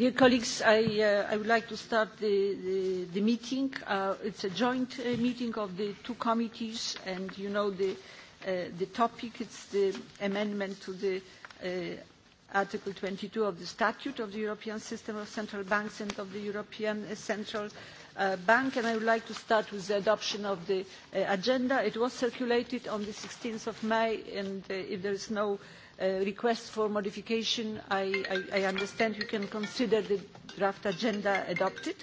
Dear colleagues, I, uh, I would like to start the, the, the meeting. Uh, it's a joint uh, meeting of the two committees, and you know the, uh, the topic. It's the amendment to the uh, Article 22 of the Statute of the European System of Central Banks and of the European uh, Central uh, Bank. And I would like to start with the adoption of the uh, agenda. It was circulated on the 16th of May, and uh, if there is no uh, uh, requests for modification, I, I, I understand we can consider the draft agenda adopted.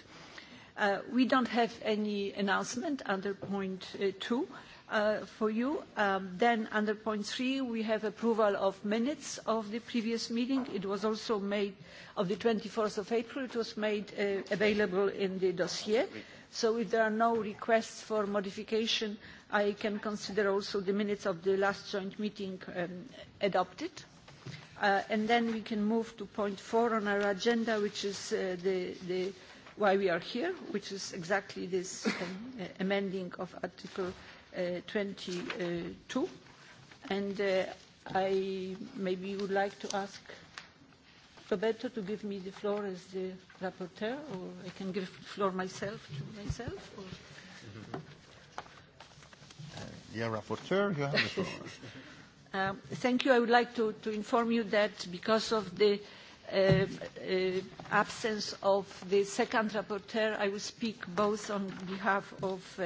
Uh, we don't have any announcement under point uh, two uh, for you. Um, then under point three, we have approval of minutes of the previous meeting. It was also made of the 24th of April. It was made uh, available in the dossier. So if there are no requests for modification, uh, I can consider also the minutes of the last joint meeting um, adopted. Uh, and then we can move to point four on our agenda, which is uh, the, the, why we are here, which is exactly this um, uh, amending of Article uh, 22. And uh, I maybe would like to ask Roberto to give me the floor as the rapporteur, or I can give the floor myself to myself. Or... Mm -hmm. Dear rapporteur, you have the floor. uh, thank you. I would like to, to inform you that because of the uh, uh, absence of the second rapporteur, I will speak both on behalf of uh,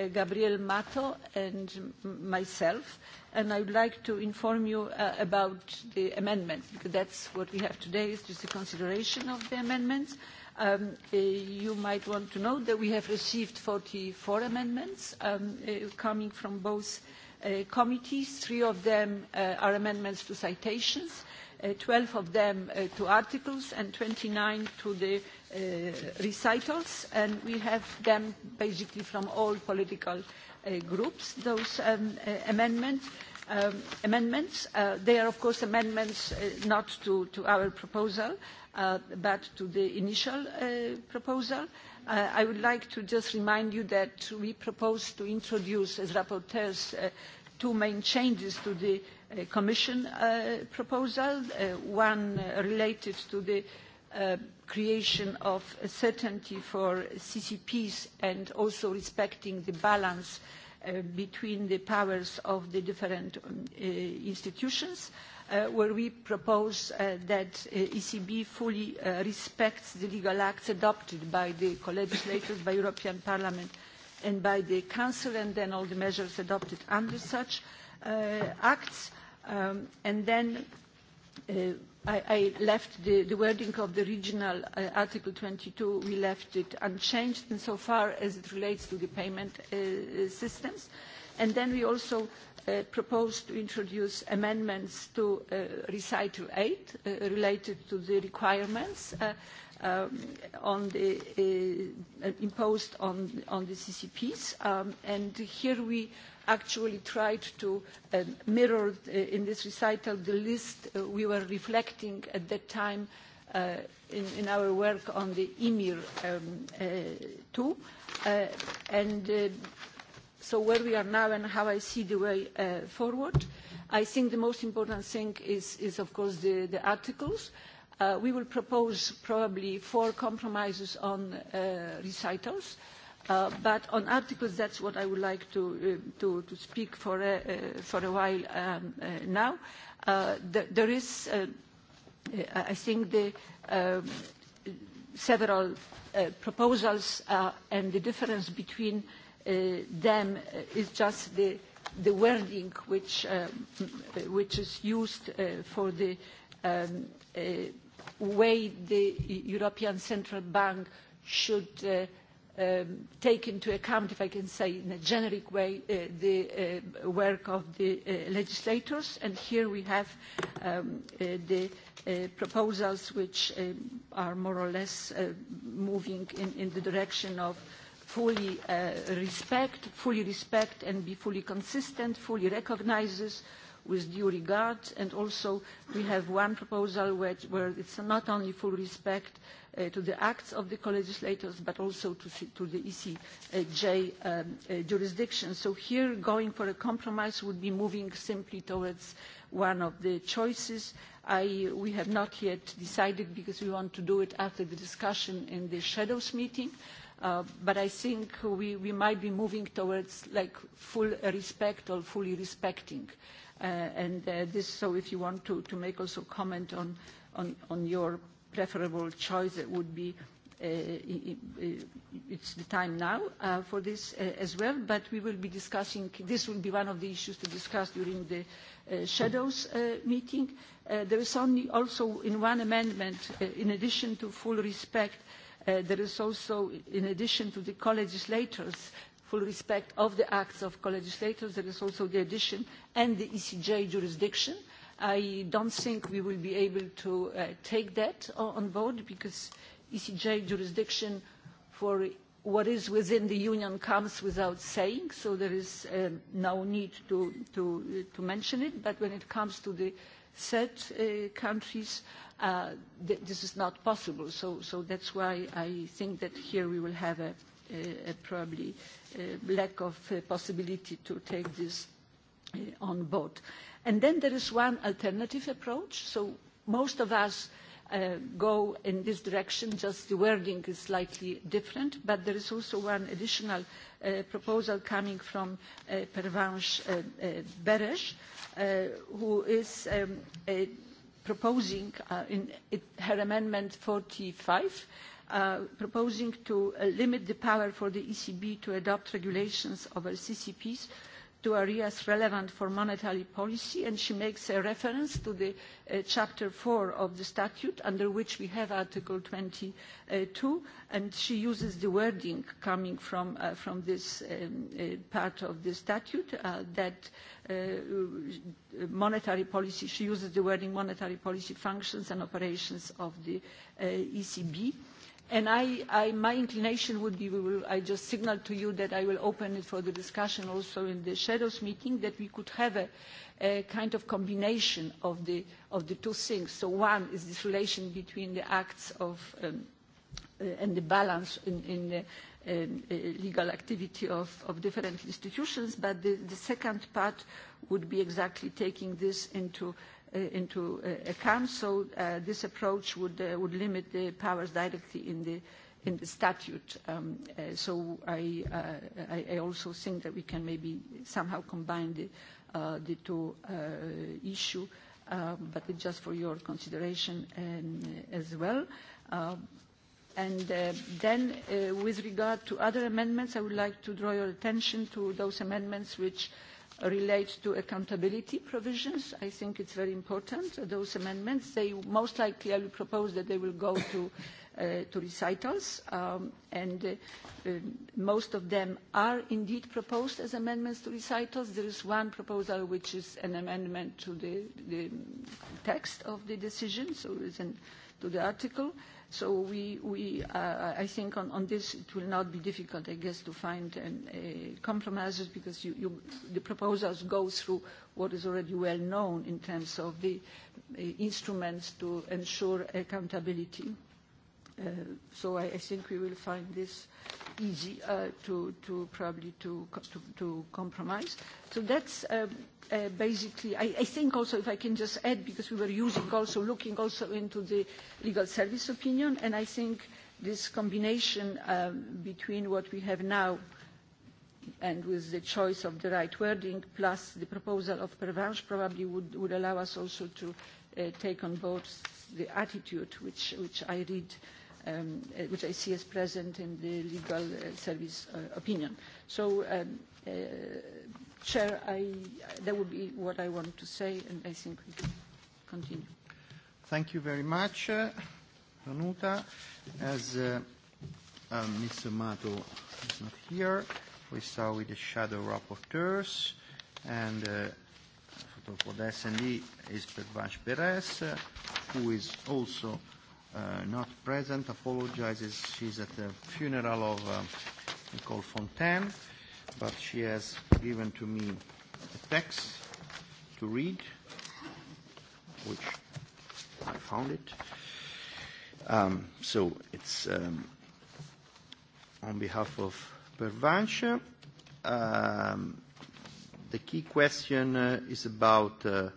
uh, Gabriel Mato and myself. And I would like to inform you uh, about the amendments, because that's what we have today, is just the consideration of the amendments. Uh, Um, uh, you might want to know that we have received 44 amendments um, uh, coming from both uh, committees. Three of them uh, are amendments to citations, uh, 12 of them uh, to articles, and 29 to the uh, recitals. And we have them basically from all political uh, groups, those um, uh, amendments. Um, amendments. Uh, they are, of course, amendments uh, not to, to our proposal, uh, but to the initial uh, proposal. Uh, I would like to just remind you that we propose to introduce as rapporteurs uh, two main changes to the uh, Commission uh, proposal, uh, one uh, related to the uh, creation of certainty for CCPs and also respecting the balance uh, between the powers of the different um, uh, institutions. Uh, uh, where we propose uh, that uh, ECB fully uh, respects the legal acts adopted by the co-legislators, by European Parliament and by the Council, and then all the measures adopted under such uh, acts. Um, and then uh, I, I left the, the wording of the regional uh, Article 22, we left it unchanged insofar as it relates to the payment uh, systems. Uh, And then we also uh, propose to introduce amendments to uh, Recital 8 uh, related to the requirements uh, um, on the, uh, imposed on, on the CCPs. Um, and here we actually tried to uh, mirror uh, in this recital the list uh, we were reflecting at that time uh, in, in our work on the EMIR um, uh, 2. Uh, and uh, so where we are now and how I see the way uh, forward. I think the most important thing is, is of course, the, the articles. Uh, we will propose probably four compromises on uh, recitals, uh, but on articles, that's what I would like to, uh, to, to speak for a, uh, uh, for a while um, uh, now. Uh, th there is, uh, uh, I think, the, uh, several uh, proposals uh, and the difference between uh, Uh, them uh, is just the, the wording which, um, which is used uh, for the um, way the European Central Bank should uh, um, take into account, if I can say in a generic way, uh, the uh, work of the uh, legislators. And here we have um, uh, the uh, proposals which um, are more or less uh, moving in, in the direction of uh, fully uh, respect, fully respect and be fully consistent, fully recognizes with due regard. And also we have one proposal which, where it's not only full respect uh, to the acts of the co-legislators, but also to, to the ECJ um, uh, jurisdiction. So here going for a compromise would be moving simply towards one of the choices. I, we have not yet decided because we want to do it after the discussion in the shadows meeting. Uh, Uh, but I think we, we might be moving towards like full respect or fully respecting. Uh, and uh, this, so if you want to, to make also comment on, on, on your preferable choice, it would be Uh, it's the time now uh, for this uh, as well, but we will be discussing, this will be one of the issues to discuss during the uh, shadows uh, meeting. Uh, there is only also in one amendment, uh, in addition to full respect, uh, Uh, there is also, in addition to the co-legislators, full respect of the acts of co-legislators, there is also the addition and the ECJ jurisdiction. I don't think we will be able to uh, take that on board because ECJ jurisdiction for what is within the union comes without saying so there is um, no need to, to, to mention it but when it comes to the third uh, countries uh, th this is not possible so, so that's why I think that here we will have a, a, a probably a uh, lack of uh, possibility to take this uh, on board. And then there is one alternative approach so most of us uh, uh, go in this direction, just the wording is slightly different, but there is also one additional uh, proposal coming from uh, Pervenche uh, uh, Beres, uh, who is um, uh, proposing uh, in it, her amendment 45 Uh, proposing to uh, limit the power for the ECB to adopt regulations over CCPs uh, to areas relevant for monetary policy and she makes a reference to the uh, chapter 4 of the statute under which we have article 22 and she uses the wording coming from, uh, from this um, uh, part of the statute uh, that uh, monetary policy, she uses the wording monetary policy functions and operations of the uh, ECB. Uh, and I, I, my inclination would be, we will, I just signal to you that I will open it for the discussion also in the shadows meeting, that we could have a, a kind of combination of the, of the two things. So one is this relation between the acts of, um, uh, and the balance in, in the um, uh, legal activity of, of different institutions, but the, the second part would be exactly taking this into uh, Uh, into uh, account. So uh, this approach would, would limit the powers directly in the, in the statute. Um, so I, I, I also think that we can maybe somehow combine the, the two issue, um, but just for your consideration and, um, as well. Um, and uh, then, uh, with regard to other amendments, I would like to draw your attention to those amendments which uh, relate to accountability provisions. I think it's very important, uh, those amendments. They most likely, I will propose that they will go to, uh, to recitals, um, and uh, uh, most of them are indeed proposed as amendments to recitals. There is one proposal which is an amendment to the, the text of the decision, so it's an, to the article. Uh, So we, we, uh, I think on, on this, it will not be difficult, I guess, to find an, a compromises because you, you, the proposals go through what is already well known in terms of the uh, instruments to ensure accountability. Uh, Uh, so I, I think we will find this easy uh, to, to probably to, to, to compromise. So that's um, uh, basically, I, I think also if I can just add, because we were using also, looking also into the legal service opinion, and I think this combination um, between what we have now and with the choice of the right wording, plus the proposal of Pervenche probably would, would allow us also to uh, take on board the attitude which, which I read uh, um, uh, which I see as present in the legal uh, service uh, opinion. So, um, uh, Chair, I, that would be what I want to say, and I think we can continue. Thank you very much, uh, Danuta. As uh, uh, Ms. Amato is not here, we start with the shadow rapporteurs, and uh, for the S&D is Pervash Perez, uh, who is also uh, not present, apologizes. She's at the funeral of uh, Nicole Fontaine, but she has given to me a text to read, which I found it. Um, so it's um, on behalf of Pervanche. Um, the key question uh, is about uh,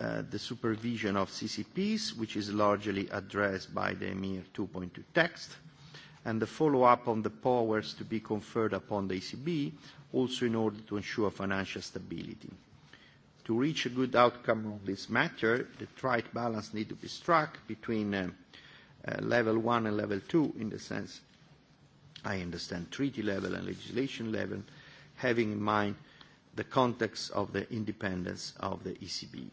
uh, the supervision of CCPs, which is largely addressed by the EMIR 2.2 text, and the follow-up on the powers to be conferred upon the ECB, also in order to ensure financial stability. To reach a good outcome on this matter, the right balance need to be struck between uh, uh, level 1 and level 2, in the sense I understand treaty level and legislation level, having in mind the context of the independence of the ECB.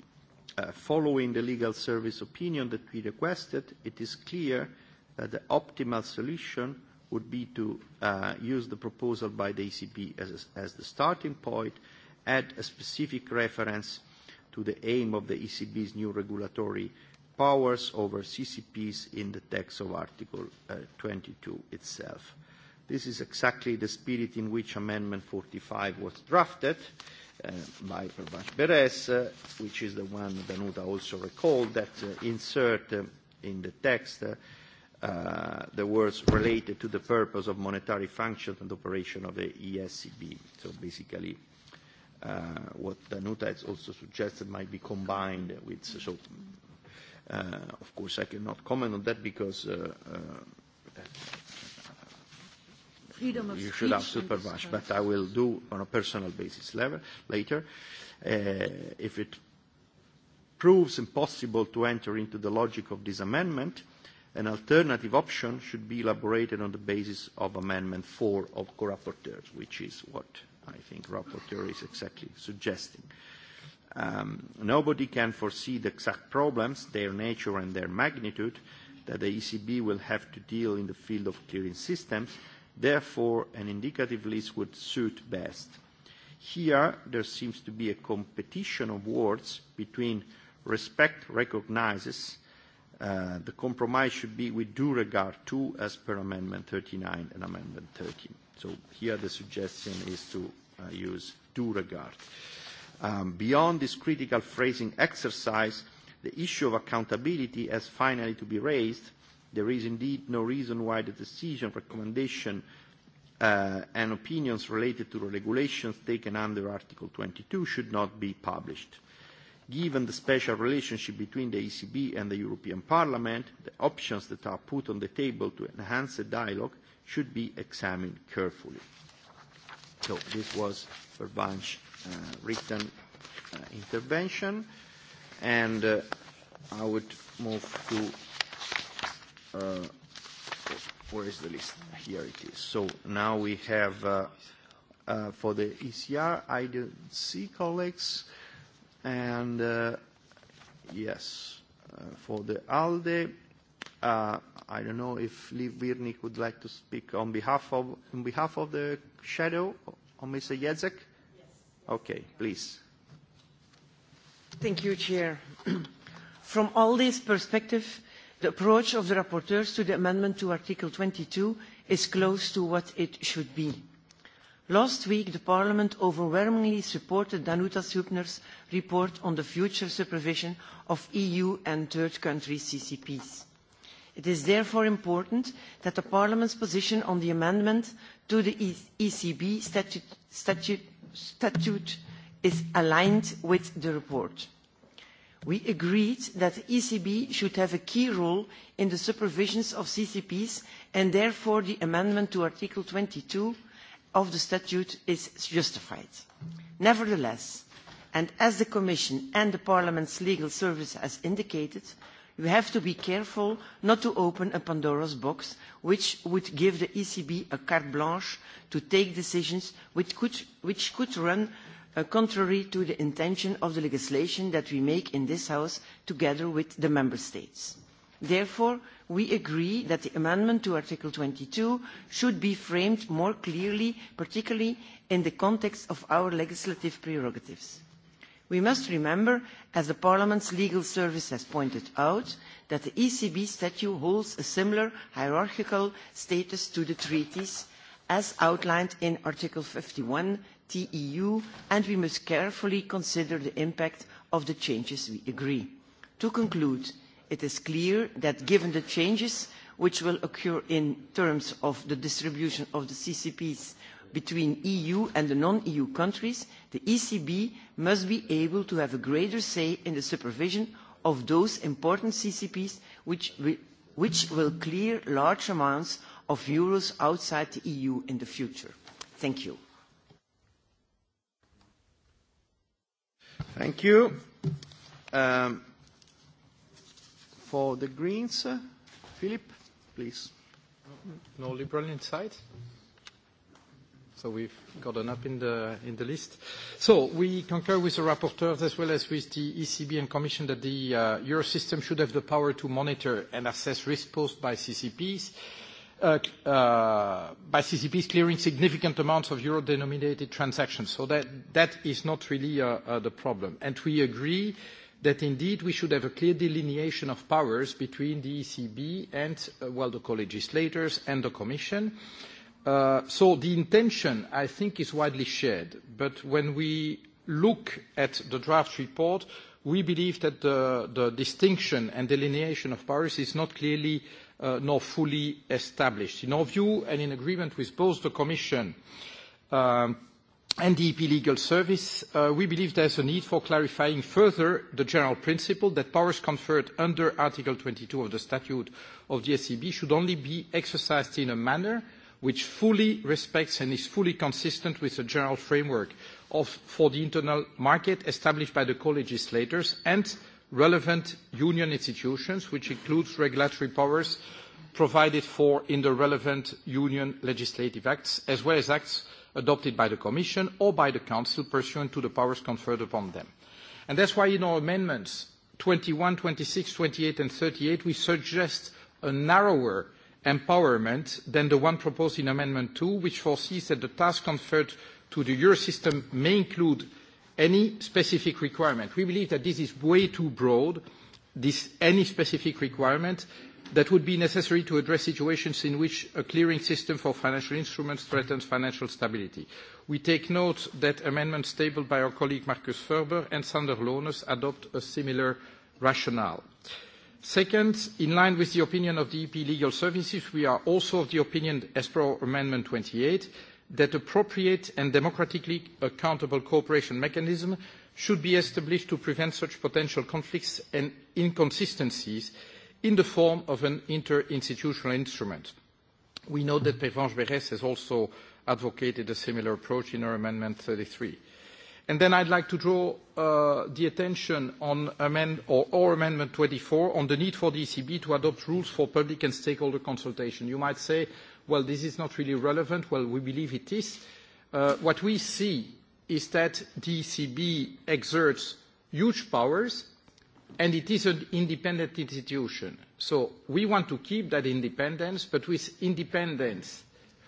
Uh, following the legal service opinion that we requested, it is clear that the optimal solution would be to uh, use the proposal by the ECB as, as the starting point, add a specific reference to the aim of the ECB's new regulatory powers over CCPs in the text of Article uh, 22 itself. This is exactly the spirit in which Amendment 45 was drafted. Uh, uh, by Pervash Beres, uh, which is the one Danuta also recalled, that uh, insert uh, in the text uh, uh, the words related to the purpose of monetary function and operation of the ESCB. So basically, uh, what Danuta has also suggested might be combined with, so uh, of course I cannot comment on that because uh, uh, freedom of you should have supervised, but I will do on a personal basis level, later. Uh, if it proves impossible to enter into the logic of this amendment, an alternative option should be elaborated on the basis of Amendment 4 of co-rapporteurs, which is what I think rapporteur is exactly suggesting. Um, nobody can foresee the exact problems, their nature and their magnitude that the ECB will have to deal in the field of clearing systems – Therefore, an indicative list would suit best. Here, there seems to be a competition of words between respect recognizes, uh, the compromise should be with due regard to, as per Amendment 39 and Amendment 13. So here the suggestion is to uh, use due regard. Um, beyond this critical phrasing exercise, the issue of accountability has finally to be raised There is indeed no reason why the decision, recommendation, uh, and opinions related to the regulations taken under Article 22 should not be published. Given the special relationship between the ECB and the European Parliament, the options that are put on the table to enhance the dialogue should be examined carefully. So this was Verbanj's uh, written uh, intervention, and uh, I would move to uh, where is the list? Here it is. So now we have uh, uh, for the ECR, I don't see colleagues. And uh, yes, uh, for the ALDE, uh, I don't know if Liv Virnik would like to speak on behalf of, on behalf of the shadow, on Mr. Jezek? Yes. Okay, please. Thank you, Chair. From all this perspective, The approach of the rapporteurs to the amendment to Article 22 is close to what it should be. Last week, the Parliament overwhelmingly supported Danuta Subner's report on the future supervision of EU and third country CCPs. It is therefore important that the Parliament's position on the amendment to the ECB statute, statute, statute is aligned with the report we agreed that the ECB should have a key role in the supervision of CCPs and therefore the amendment to Article 22 of the statute is justified. Nevertheless, and as the Commission and the Parliament's legal service has indicated, we have to be careful not to open a Pandora's box which would give the ECB a carte blanche to take decisions which could, which could run uh, contrary to the intention of the legislation that we make in this House together with the Member States. Therefore, we agree that the amendment to Article 22 should be framed more clearly, particularly in the context of our legislative prerogatives. We must remember, as the Parliament's legal service has pointed out, that the ECB statute holds a similar hierarchical status to the treaties as outlined in Article 51 the EU, and we must carefully consider the impact of the changes we agree. To conclude, it is clear that given the changes which will occur in terms of the distribution of the CCPs between EU and the non-EU countries, the ECB must be able to have a greater say in the supervision of those important CCPs which, we, which will clear large amounts of euros outside the EU in the future. Thank you. Thank you. Um, for the Greens, uh, Philip, please. No liberal inside? So we've gotten up in the, in the list. So we concur with the rapporteurs as well as with the ECB and Commission that the uh, Euro system should have the power to monitor and assess risk posed by CCPs. Uh, uh, uh, by CCPs clearing significant amounts of euro-denominated transactions. So that, that is not really uh, uh, the problem. And we agree that indeed we should have a clear delineation of powers between the ECB and, uh, well, the co-legislators and the Commission. So the intention, I think, is widely shared. But when we look at the draft report, we believe that the, the distinction and delineation of powers is not clearly uh, uh, nor fully established. In our view, and in agreement with both the Commission um, and the EP Legal Service, uh, we believe there's a need for clarifying further the general principle that powers conferred under Article 22 of the Statute of the SEB should only be exercised in a manner which fully respects and is fully consistent with the general framework of, for the internal market established by the co-legislators and relevant union institutions, which includes regulatory powers provided for in the relevant union legislative acts, as well as acts adopted by the Commission or by the Council pursuant to the powers conferred upon them. And that's why in our amendments 21, 26, 28, and 38, we suggest a narrower empowerment than the one proposed in Amendment 2, which foresees that the task conferred to the Eurosystem may include any specific requirement. We believe that this is way too broad, this any specific requirement that would be necessary to address situations in which a clearing system for financial instruments threatens financial stability. We take note that amendments tabled by our colleague Markus Ferber and Sander Lones adopt a similar rationale. Second, in line with the opinion of the EP Legal Services, we are also of the opinion as per Amendment 28 that appropriate and democratically accountable cooperation mechanisms should be established to prevent such potential conflicts and inconsistencies in the form of an interinstitutional instrument. We know that Pervenche Beres has also advocated a similar approach in her Amendment 33. And then I'd like to draw uh, the attention on amend or, or Amendment 24 on the need for the ECB to adopt rules for public and stakeholder consultation. You might say, well, this is not really relevant. Well, we believe it is. Uh, what we see is that the ECB exerts huge powers, and it is an independent institution. So we want to keep that independence, but with independence,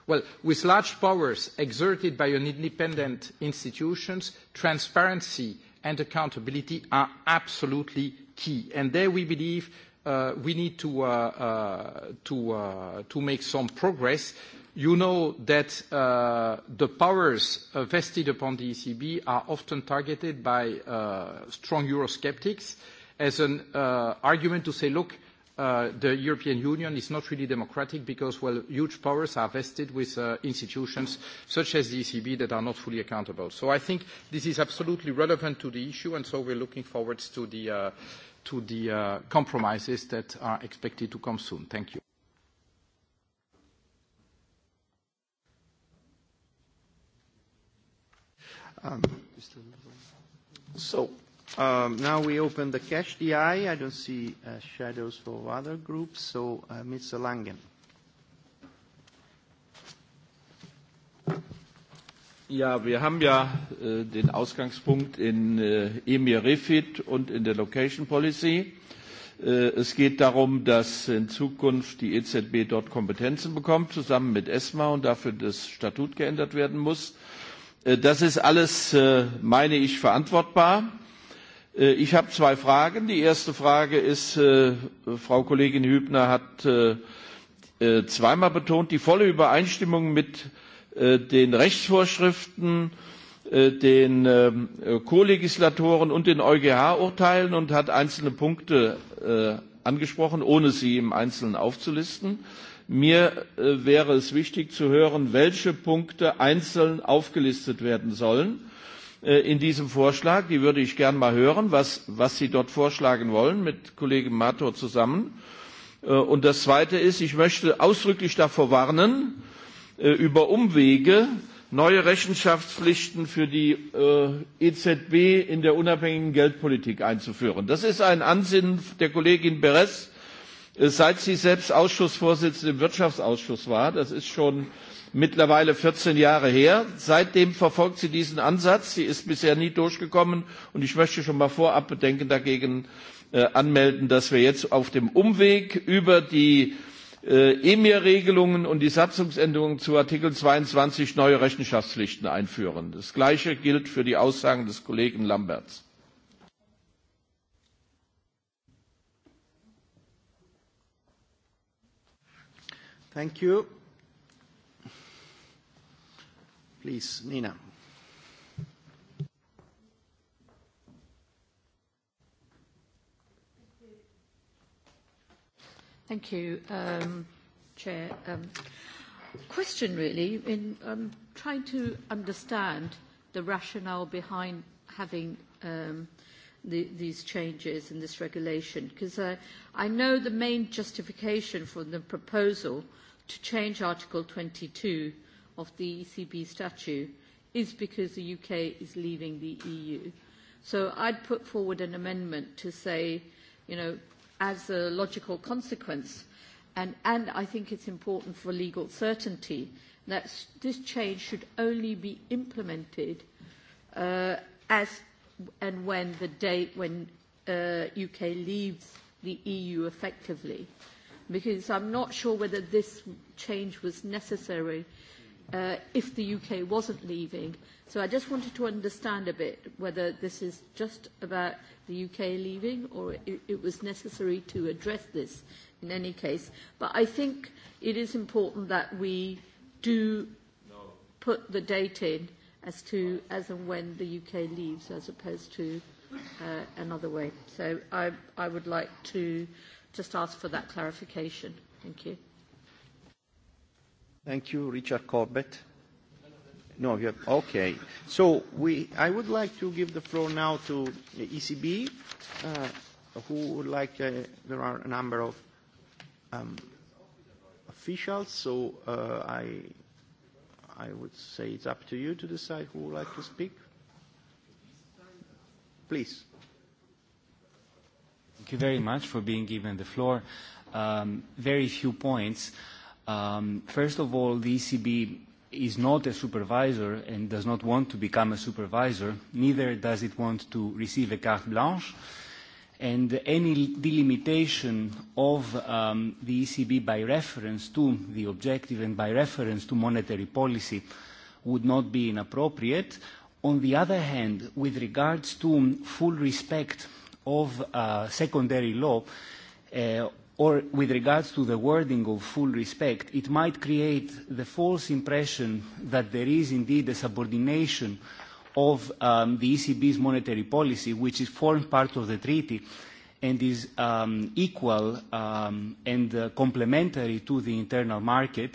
well, with large powers exerted by an independent institutions, transparency and accountability are absolutely key. And there we believe uh, we need to, uh, uh, to, uh, to make some progress. You know that uh, the powers uh, vested upon the ECB are often targeted by uh, strong Eurosceptics as an uh, argument to say, look, uh, the European Union is not really democratic because, well, huge powers are vested with uh, institutions such as the ECB that are not fully accountable. So I think this is absolutely relevant to the issue, and so we're looking forward to the uh, to the uh, compromises that are expected to come soon. Thank you. Um, so um, now we open the cash DI. I don't see uh, shadows for other groups. So uh, Mr. Langen. Ja, wir haben ja äh, den Ausgangspunkt in äh, EMIR Refit und in der Location Policy. Äh, es geht darum, dass in Zukunft die EZB dort Kompetenzen bekommt, zusammen mit ESMA und dafür das Statut geändert werden muss. Äh, das ist alles, äh, meine ich, verantwortbar. Äh, ich habe zwei Fragen. Die erste Frage ist, äh, Frau Kollegin Hübner hat äh, äh, zweimal betont, die volle Übereinstimmung mit äh, Äh, den Rechtsvorschriften, äh, den ähm, Co-Legislatoren und den EuGH-Urteilen und hat einzelne Punkte äh, angesprochen, ohne sie im Einzelnen aufzulisten. Mir wäre es wichtig zu hören, welche Punkte einzeln aufgelistet werden sollen in diesem Vorschlag. Die würde ich gern mal hören, was, was Sie dort vorschlagen wollen, mit Kollegen Mator zusammen. Und das Zweite ist, ich möchte ausdrücklich davor warnen, äh, äh, über Umwege neue Rechenschaftspflichten für die äh, EZB in der unabhängigen Geldpolitik einzuführen. Das ist ein Ansinnen der Kollegin Beres, äh, seit sie selbst Ausschussvorsitzende im Wirtschaftsausschuss war. Das ist schon mittlerweile 14 Jahre her. Seitdem verfolgt sie diesen Ansatz. Sie ist bisher nie durchgekommen. Und ich möchte schon mal vorab Bedenken dagegen äh, anmelden, dass wir jetzt auf dem Umweg über die äh, EMIR-Regelungen äh, und die Satzungsänderungen zu Artikel 22 neue Rechenschaftspflichten einführen. Das Gleiche gilt für die Aussagen des Kollegen Lamberts. Thank you. Please, Nina. Thank you, um, Chair. Um, question really, in um, trying to understand the rationale behind having um, the, these changes in this regulation, because uh, I know the main justification for the proposal to change Article 22 of the ECB statute is because the UK is leaving the EU. So I'd put forward an amendment to say, you know, as a logical consequence. And, and I think it's important for legal certainty that this change should only be implemented uh, as and when the date when uh, UK leaves the EU effectively. Because I'm not sure whether this change was necessary uh, uh, if the UK wasn't leaving. So I just wanted to understand a bit whether this is just about the UK leaving or it, it was necessary to address this in any case. But I think it is important that we do no. put the date in as to as and when the UK leaves as opposed to uh, another way. So I, I would like to just ask for that clarification. Thank you. Thank you, Richard Corbett. No, you have, okay. So we, I would like to give the floor now to the ECB, uh, who would like, uh, there are a number of um, officials, so uh, I, I would say it's up to you to decide who would like to speak. Please. Thank you very much for being given the floor. Um, very few points. Uh, Um, first of all, the ECB is not a supervisor and does not want to become a supervisor, neither does it want to receive a carte blanche. And any delimitation of um, the ECB by reference to the objective and by reference to monetary policy would not be inappropriate. On the other hand, with regards to full respect of uh, secondary law, uh, or with regards to the wording of full respect, it might create the false impression that there is indeed a subordination of um, the ECB's monetary policy, which is formed part of the treaty and is um, equal um, and uh, complementary to the internal market.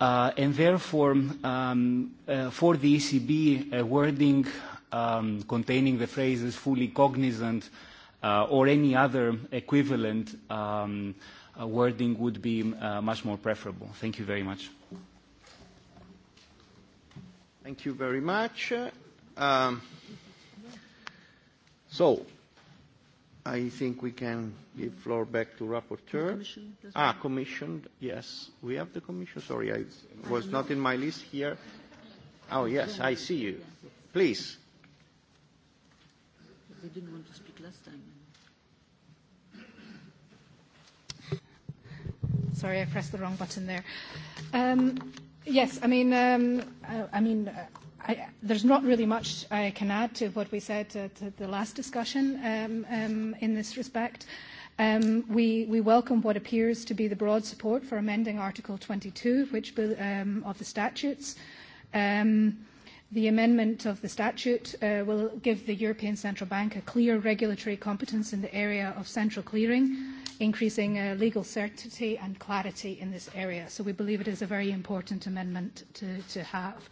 Uh, and therefore, um, uh, for the ECB, a wording um, containing the phrases fully cognizant uh, uh, or any other equivalent um, uh, wording would be uh, much more preferable. Thank you very much. Thank you very much. Um, so, I think we can give floor back to rapporteur. Commission, ah, commission. Yes, we have the commission. Sorry, I was not in my list here. Oh, yes, I see you. Please. They didn't want to speak last time. Sorry, I pressed the wrong button there. Um, yes, I mean, um, I, uh, I mean, uh, I, there's not really much I can add to what we said at uh, the last discussion um, um, in this respect. Um, we, we welcome what appears to be the broad support for amending Article 22, which um, of the statutes. Um, The amendment of the statute uh, will give the European Central Bank a clear regulatory competence in the area of central clearing, increasing uh, legal certainty and clarity in this area. So we believe it is a very important amendment to, to have.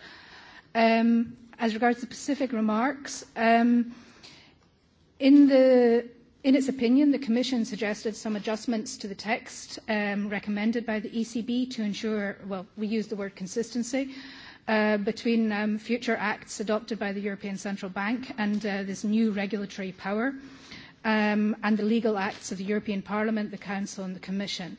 Um, as regards the specific remarks, um, in, the, in its opinion, the Commission suggested some adjustments to the text um, recommended by the ECB to ensure, well, we use the word consistency, uh, uh, between um, future acts adopted by the European Central Bank and uh, this new regulatory power, um, and the legal acts of the European Parliament, the Council, and the Commission.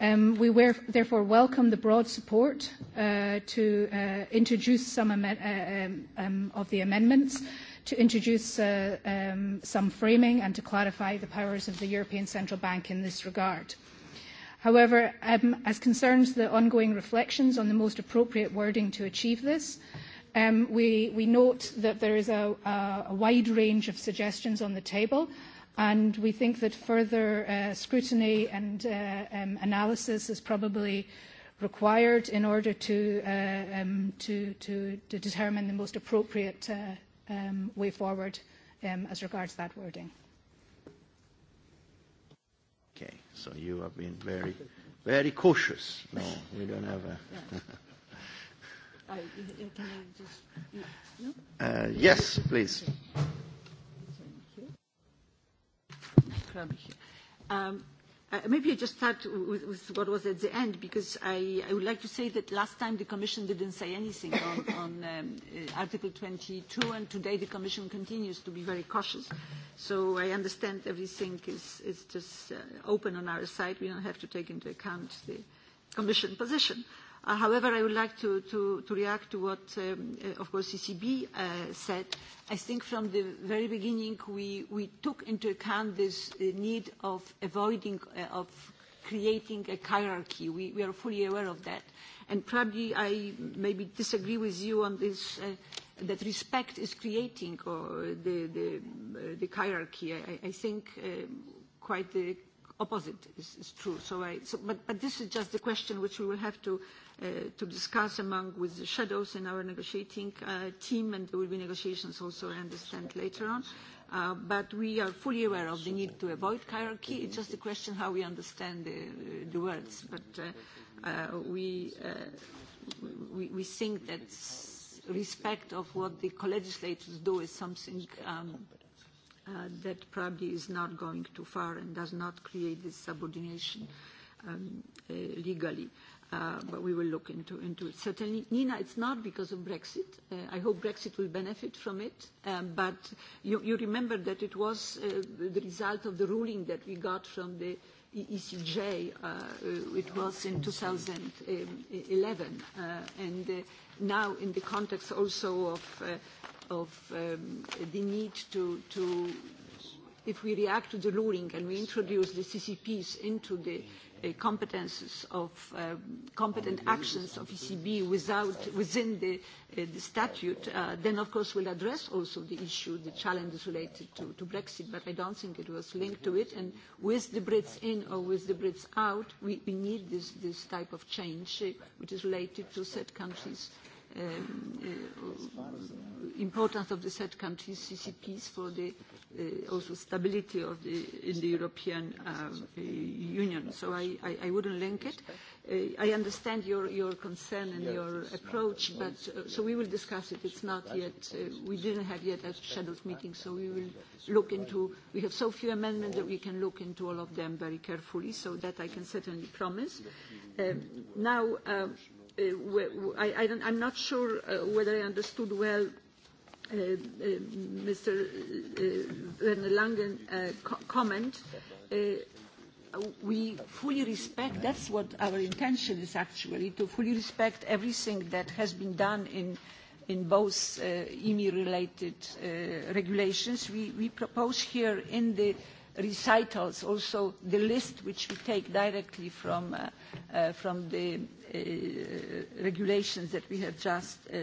Um, we were, therefore welcome the broad support uh, to uh, introduce some amen- uh, um, um, of the amendments, to introduce uh, um, some framing, and to clarify the powers of the European Central Bank in this regard. Uh, However, um, as concerns the ongoing reflections on the most appropriate wording to achieve this, um, we, we note that there is a, a, a wide range of suggestions on the table, and we think that further uh, scrutiny and uh, um, analysis is probably required in order to, uh, um, to, to, to determine the most appropriate uh, um, way forward um, as regards that wording. Okay, so you have been very, very cautious. No, we don't have a. I, oh, can I just, no? uh, yes, please. Thank you. Um, Uh, maybe I just start with, with what was at the end, because I, I would like to say that last time the Commission didn't say anything on, on um, uh, Article 22, and today the Commission continues to be very cautious. So I understand everything is, is just uh, open on our side. We don't have to take into account the Commission position. Uh, Uh, however, I would like to, to, to react to what, um, uh, of course, ECB uh, said. I think from the very beginning we, we took into account this uh, need of avoiding, uh, of creating a hierarchy. We, we are fully aware of that. And probably I maybe disagree with you on this, uh, that respect is creating or uh, the, the, uh, the hierarchy. I, I think um, quite the opposite is, is true. So I, so, but, but this is just the question which we will have to uh, uh, to discuss among with the shadows in our negotiating uh, team, and there will be negotiations also, I understand, later on. Uh, but we are fully aware of the need to avoid hierarchy. It's just a question how we understand the, the words. But uh, uh, we, uh, we, we think that respect of what the co-legislators do is something um, uh, that probably is not going too far and does not create this subordination um, uh, legally. Uh, Uh, but we will look into, into it. Certainly, Nina, it's not because of Brexit. Uh, I hope Brexit will benefit from it. Um, but you, you remember that it was uh, the result of the ruling that we got from the ECJ. E uh, it was in 2011. Uh, and uh, now in the context also of, uh, of um, the need to, to if we react to the ruling and we introduce the CCPs into the uh, competences of uh, competent actions of ECB without, within the, uh, the statute, uh, then of course we'll address also the issue, the challenges related to, to Brexit, but I don't think it was linked to it. And with the Brits in or with the Brits out, we, we need this, this type of change, uh, which is related to said countries' uh, um, uh, importance of the third country CCPs for the uh, also stability of the, in the European uh, uh, Union. So I, I, I wouldn't link it. Uh, I understand your, your concern and your approach, but uh, so we will discuss it. It's not yet, uh, we didn't have yet a shadows meeting, so we will look into, we have so few amendments that we can look into all of them very carefully, so that I can certainly promise. Um, now, uh, Uh, I, I don't, I'm not sure uh, whether I understood well Uh, uh, Mr. Uh, Werner uh, Langen co comment. We fully respect, that's what our intention is actually, to fully respect everything that has been done in, in both EMI-related regulations. We, we propose here in the recitals, also the list which we take directly from, uh, uh, from the uh, regulations that we have just uh,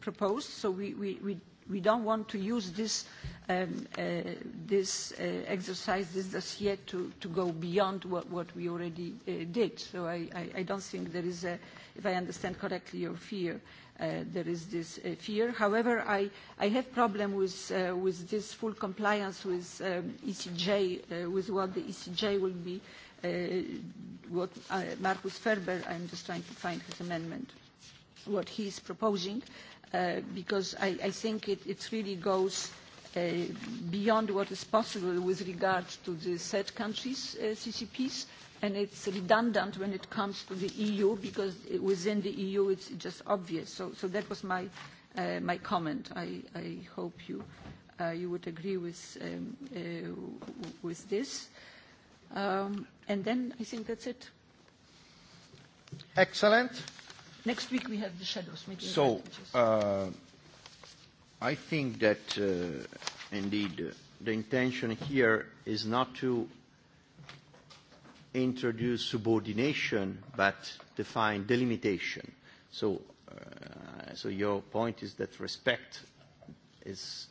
proposed. So we, we, we, we don't want to use this, um, uh, this uh, exercise, this dossier to, to go beyond what, what we already uh, did. So I, I, I don't think there is a, if I understand correctly, your fear uh, uh, there is this uh, fear. However, I, I have problem with, uh, with this full compliance with um, ECJ, uh, with what the ECJ will be, uh, what uh, Markus Ferber, I'm just trying to find his amendment, what he is proposing, uh, because I, I think it, it really goes uh, uh, beyond what is possible with regard to the third countries' uh, CCPs, and it's redundant when it comes to the EU, because within the EU it's just obvious. So, so that was my, uh, my comment. I, I hope you, uh, you would agree with, um, uh, with this. Um, and then I think that's it. Excellent. Next week we have the shadows meeting. So, uh, I think that, uh, indeed, uh, the intention here is not to introduce subordination, but define delimitation. So, uh, so your point is that respect is,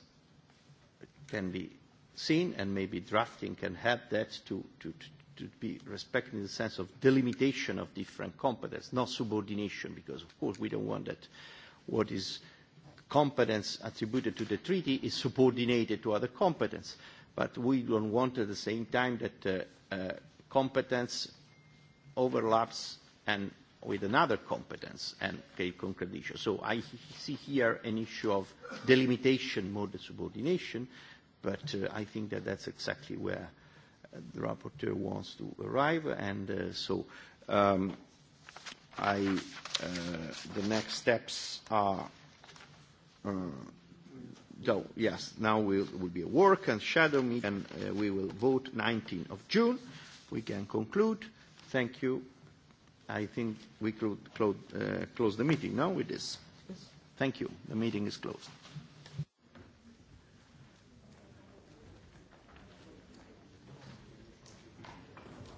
can be seen, and maybe drafting can help that to, to, to be respected in the sense of delimitation of different competence, not subordination, because of course we don't want that what is uh, competence attributed to the treaty is subordinated to other competence. But we don't want at the same time that uh, uh, competence overlaps and with another competence and create contradiction. So I see here an issue of delimitation more than subordination, but uh, I think that that's exactly where uh, the rapporteur wants to arrive. And uh, so um, I, uh, the next steps are Uh, so, yes, now we'll, will be at work and shadow me, and uh, we will vote 19th of June. We can conclude. Thank you. I think we could clo- uh, close the meeting now with this. Yes. Thank you. The meeting is closed.